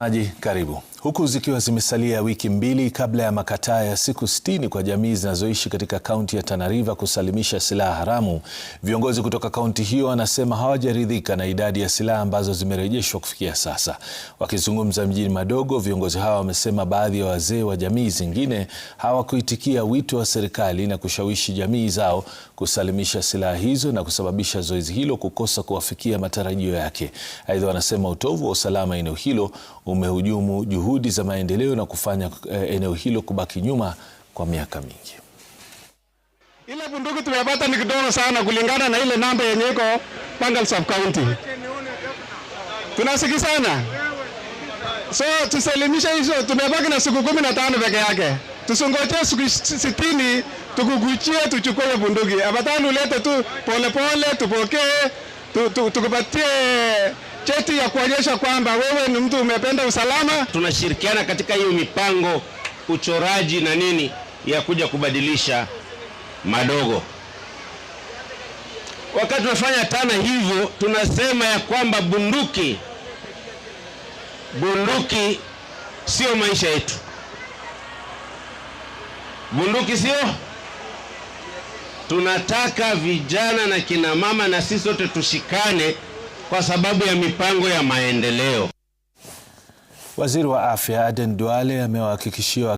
Maji karibu. Huku zikiwa zimesalia wiki mbili kabla ya makataa ya siku sitini kwa jamii zinazoishi katika kaunti ya Tana River kusalimisha silaha haramu, viongozi kutoka kaunti hiyo wanasema hawajaridhika na idadi ya silaha ambazo zimerejeshwa kufikia sasa. Wakizungumza mjini Madogo, viongozi hawa wamesema baadhi ya wazee wa jamii zingine hawakuitikia wito wa serikali na kushawishi jamii zao kusalimisha silaha hizo na kusababisha zoezi hilo kukosa kuwafikia matarajio yake. Aidha, wanasema utovu wa usalama eneo hilo umehujumu juhudi za maendeleo na kufanya eh, eneo hilo kubaki nyuma kwa miaka mingi. Ile bunduki tumepata ni kidogo sana kulingana na ile namba yenye iko Bangal sub county. sana. so tuselimisha hizo, tumebaki na siku kumi na tano peke yake. tusungojee siku sitini tukuguchie tuchukue bunduki, abatani ulete tu polepole, tupokee tukupatie cheti ya kuonyesha kwamba wewe ni mtu umependa usalama. Tunashirikiana katika hiyo mipango, uchoraji na nini ya kuja kubadilisha madogo. Wakati tunafanya tana hivyo, tunasema ya kwamba bunduki, bunduki sio maisha yetu, bunduki sio tunataka vijana na kina mama na sisi sote tushikane kwa sababu ya mipango ya maendeleo. Waziri wa Afya Aden Duale amewahakikishia